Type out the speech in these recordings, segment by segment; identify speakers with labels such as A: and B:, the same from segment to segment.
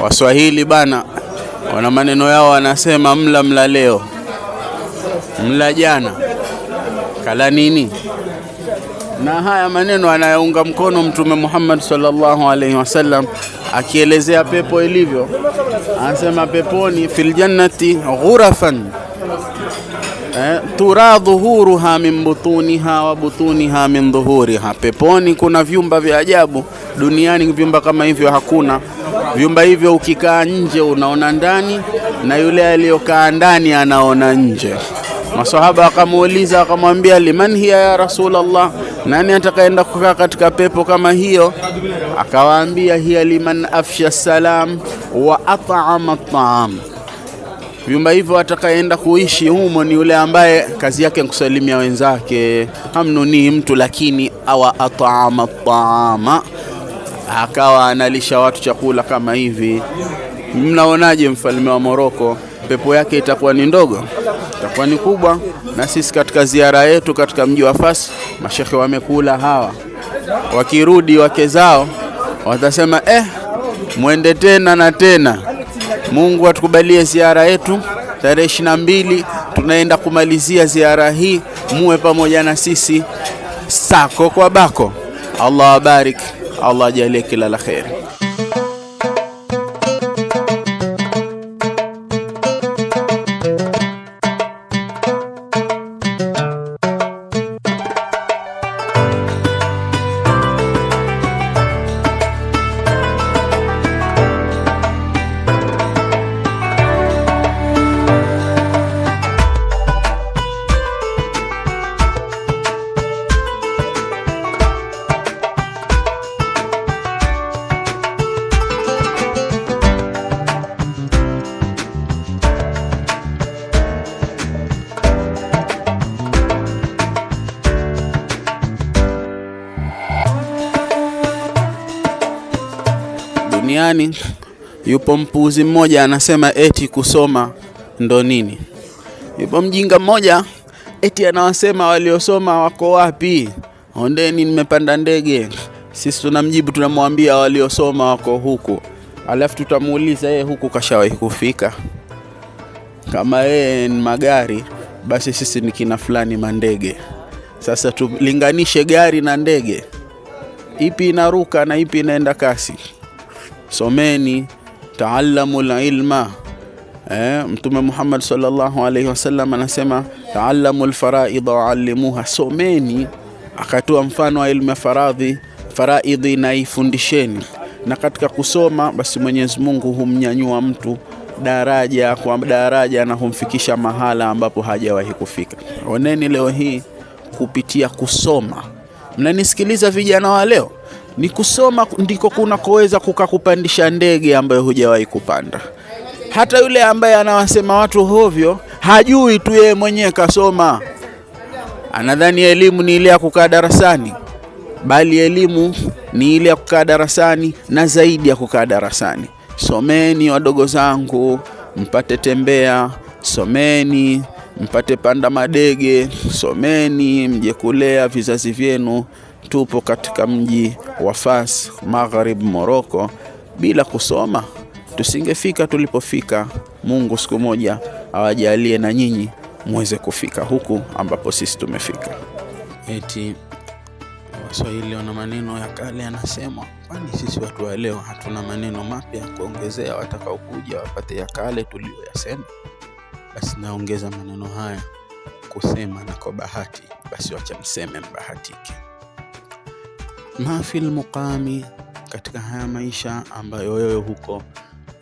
A: Waswahili bana wana maneno yao, wanasema mla mla leo mla jana kala nini. Na haya maneno anayaunga mkono Mtume Muhammad sallallahu alaihi wasallam akielezea pepo ilivyo, anasema peponi, fil jannati ghurafan eh, tura dhuhuruha min butuniha wa butuniha min dhuhuriha, peponi kuna vyumba vya ajabu. Duniani vyumba kama hivyo hakuna. Vyumba hivyo ukikaa nje unaona ndani, na yule aliyokaa ndani anaona nje. Masahaba akamuuliza akamwambia, liman hiya ya Rasulullah, nani atakaenda kukaa katika pepo kama hiyo? Akawaambia, hiya liman afsha salam wa at'ama at'am Vyumba hivyo atakayeenda kuishi humo ni yule ambaye kazi yake kusalimia wenzake, hamnunii mtu lakini awa ataama taama, akawa analisha watu chakula kama hivi. Mnaonaje mfalme wa Moroko, pepo yake itakuwa ni ndogo? Itakuwa ni kubwa. Na sisi katika ziara yetu katika mji wa Fas, mashekhe wamekula hawa, wakirudi wake zao watasema eh, mwende tena na tena Mungu atukubalie ziara yetu tarehe ishirini na mbili tunaenda kumalizia ziara hii, muwe pamoja na sisi sako kwa bako. Allah abarik, Allah ajalie kila la kheri. duniani. Yupo mpuzi mmoja anasema eti kusoma ndo nini. Yupo mjinga mmoja eti anawasema waliosoma wako wapi? Ondeni, nimepanda ndege. Sisi tunamjibu tunamwambia waliosoma wako huku, alafu tutamuuliza yeye huku kashawahi kufika? Kama yeye ni magari, basi sisi ni kina fulani mandege. Sasa tulinganishe gari na ndege, ipi inaruka na ipi inaenda kasi? someni taalamu lilma eh, Mtume Muhammad sallallahu alaihi wasallam anasema taalamu lfaraida waalimuha, someni. Akatoa mfano wa ilmu ya faradhi faraidhi, na ifundisheni. Na katika kusoma basi Mwenyezi Mungu humnyanyua mtu daraja kwa daraja na humfikisha mahala ambapo hajawahi kufika. Oneni leo hii kupitia kusoma. Mnanisikiliza vijana wa leo ni kusoma ndiko kunakoweza kukakupandisha ndege ambayo hujawahi kupanda. Hata yule ambaye anawasema watu hovyo hajui tu, yeye mwenyewe kasoma, anadhani elimu ni ile ya kukaa darasani, bali elimu ni ile ya kukaa darasani na zaidi ya kukaa darasani. Someni wadogo zangu, mpate tembea, someni mpate panda madege, someni mje kulea vizazi vyenu tupo katika mji wa Fas, Maghrib Moroko, bila kusoma tusingefika tulipofika. Mungu siku moja awajalie na nyinyi muweze kufika huku ambapo sisi tumefika. Eti Waswahili wana maneno ya kale yanasema, kwani sisi watu wa leo hatuna maneno mapya ya kuongezea watakaokuja wapate ya kale tuliyoyasema? Basi naongeza maneno haya kusema na kwa bahati, basi wacha mseme mbahatike mafil muqami, katika haya maisha ambayo wewe huko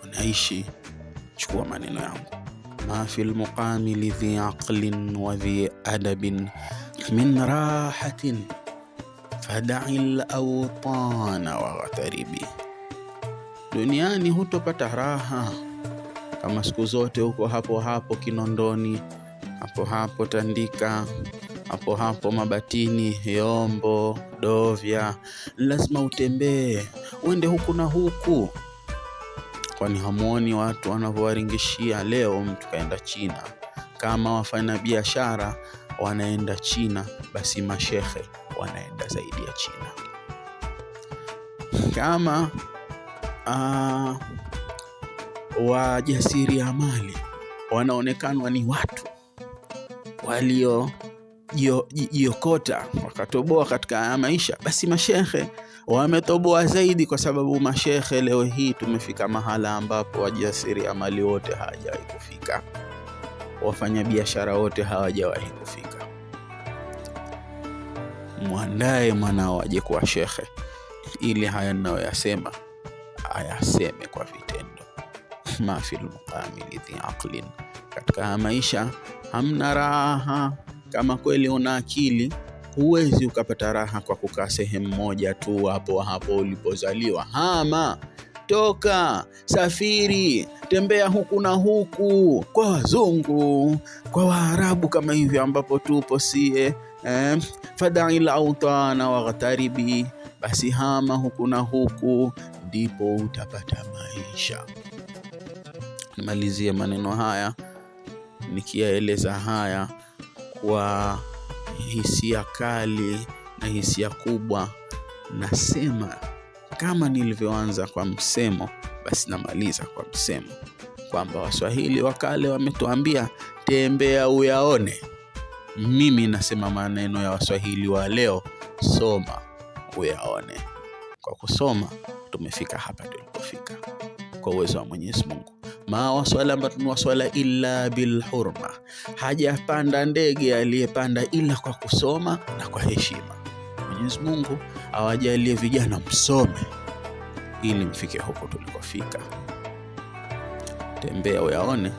A: unaishi. Chukua maneno yangu, mafil muqami lidhi aqlin wa dhi adabin min rahatin fadai lautana waghtaribi, duniani hutopata raha kama siku zote huko hapo hapo Kinondoni, hapo hapo Tandika hapo hapo Mabatini, Yombo, Dovya, lazima utembee uende huku na huku, kwani hamuoni watu wanavyowaringishia. Leo mtu kaenda China. Kama wafanyabiashara wanaenda China, basi mashehe wanaenda zaidi ya China. Kama uh, wajasiriamali wanaonekanwa ni watu walio jiokota wakatoboa katika haya maisha, basi mashekhe wametoboa zaidi, kwa sababu mashekhe leo hii tumefika mahala ambapo wajasiriamali wote hawajawahi kufika, wafanyabiashara wote hawajawahi kufika. Mwandaye mwanao aje kuwa shekhe, ili haya ninayoyasema ayaseme kwa vitendo. mafil muqamili katika aqlin, katika maisha hamna raha kama kweli una akili, huwezi ukapata raha kwa kukaa sehemu moja tu hapo hapo ulipozaliwa. Hama, toka, safiri, tembea huku na huku, kwa wazungu, kwa Waarabu kama hivyo ambapo tupo sie eh, fadail autana waghtaribi, basi hama huku na huku, ndipo utapata maisha. Nimalizie maneno haya nikiyaeleza haya kwa hisia kali na hisia kubwa nasema kama nilivyoanza kwa msemo basi namaliza kwa msemo kwamba waswahili wa kale wametuambia tembea uyaone mimi nasema maneno ya waswahili wa leo soma uyaone kwa kusoma tumefika hapa tulipofika kwa uwezo wa mwenyezi mungu ma wasala ni waswala illa bilhurma, hajapanda ndege aliyepanda ila kwa kusoma na kwa heshima. Mwenyezi Mungu awajalie vijana msome ili mfike huko tulikofika. Tembea uyaone,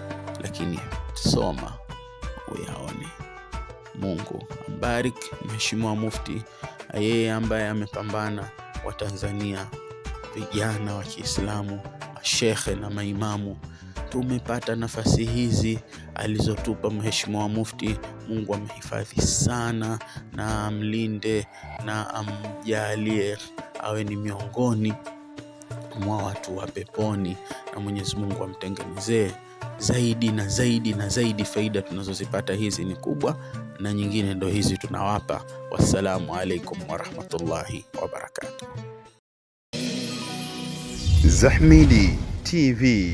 A: lakini soma uyaone. Mungu ambarik Mheshimiwa Mufti, yeye ambaye amepambana Watanzania vijana wa Kiislamu, mashekhe na maimamu tumepata nafasi hizi alizotupa Mheshimiwa Mufti. Mungu amhifadhi sana na amlinde na amjalie awe ni miongoni mwa watu wa peponi, na Mwenyezi Mungu amtengenezee zaidi na zaidi na zaidi. Faida tunazozipata hizi ni kubwa, na nyingine ndo hizi tunawapa. Wassalamu alaikum warahmatullahi wabarakatu Zahmidi TV.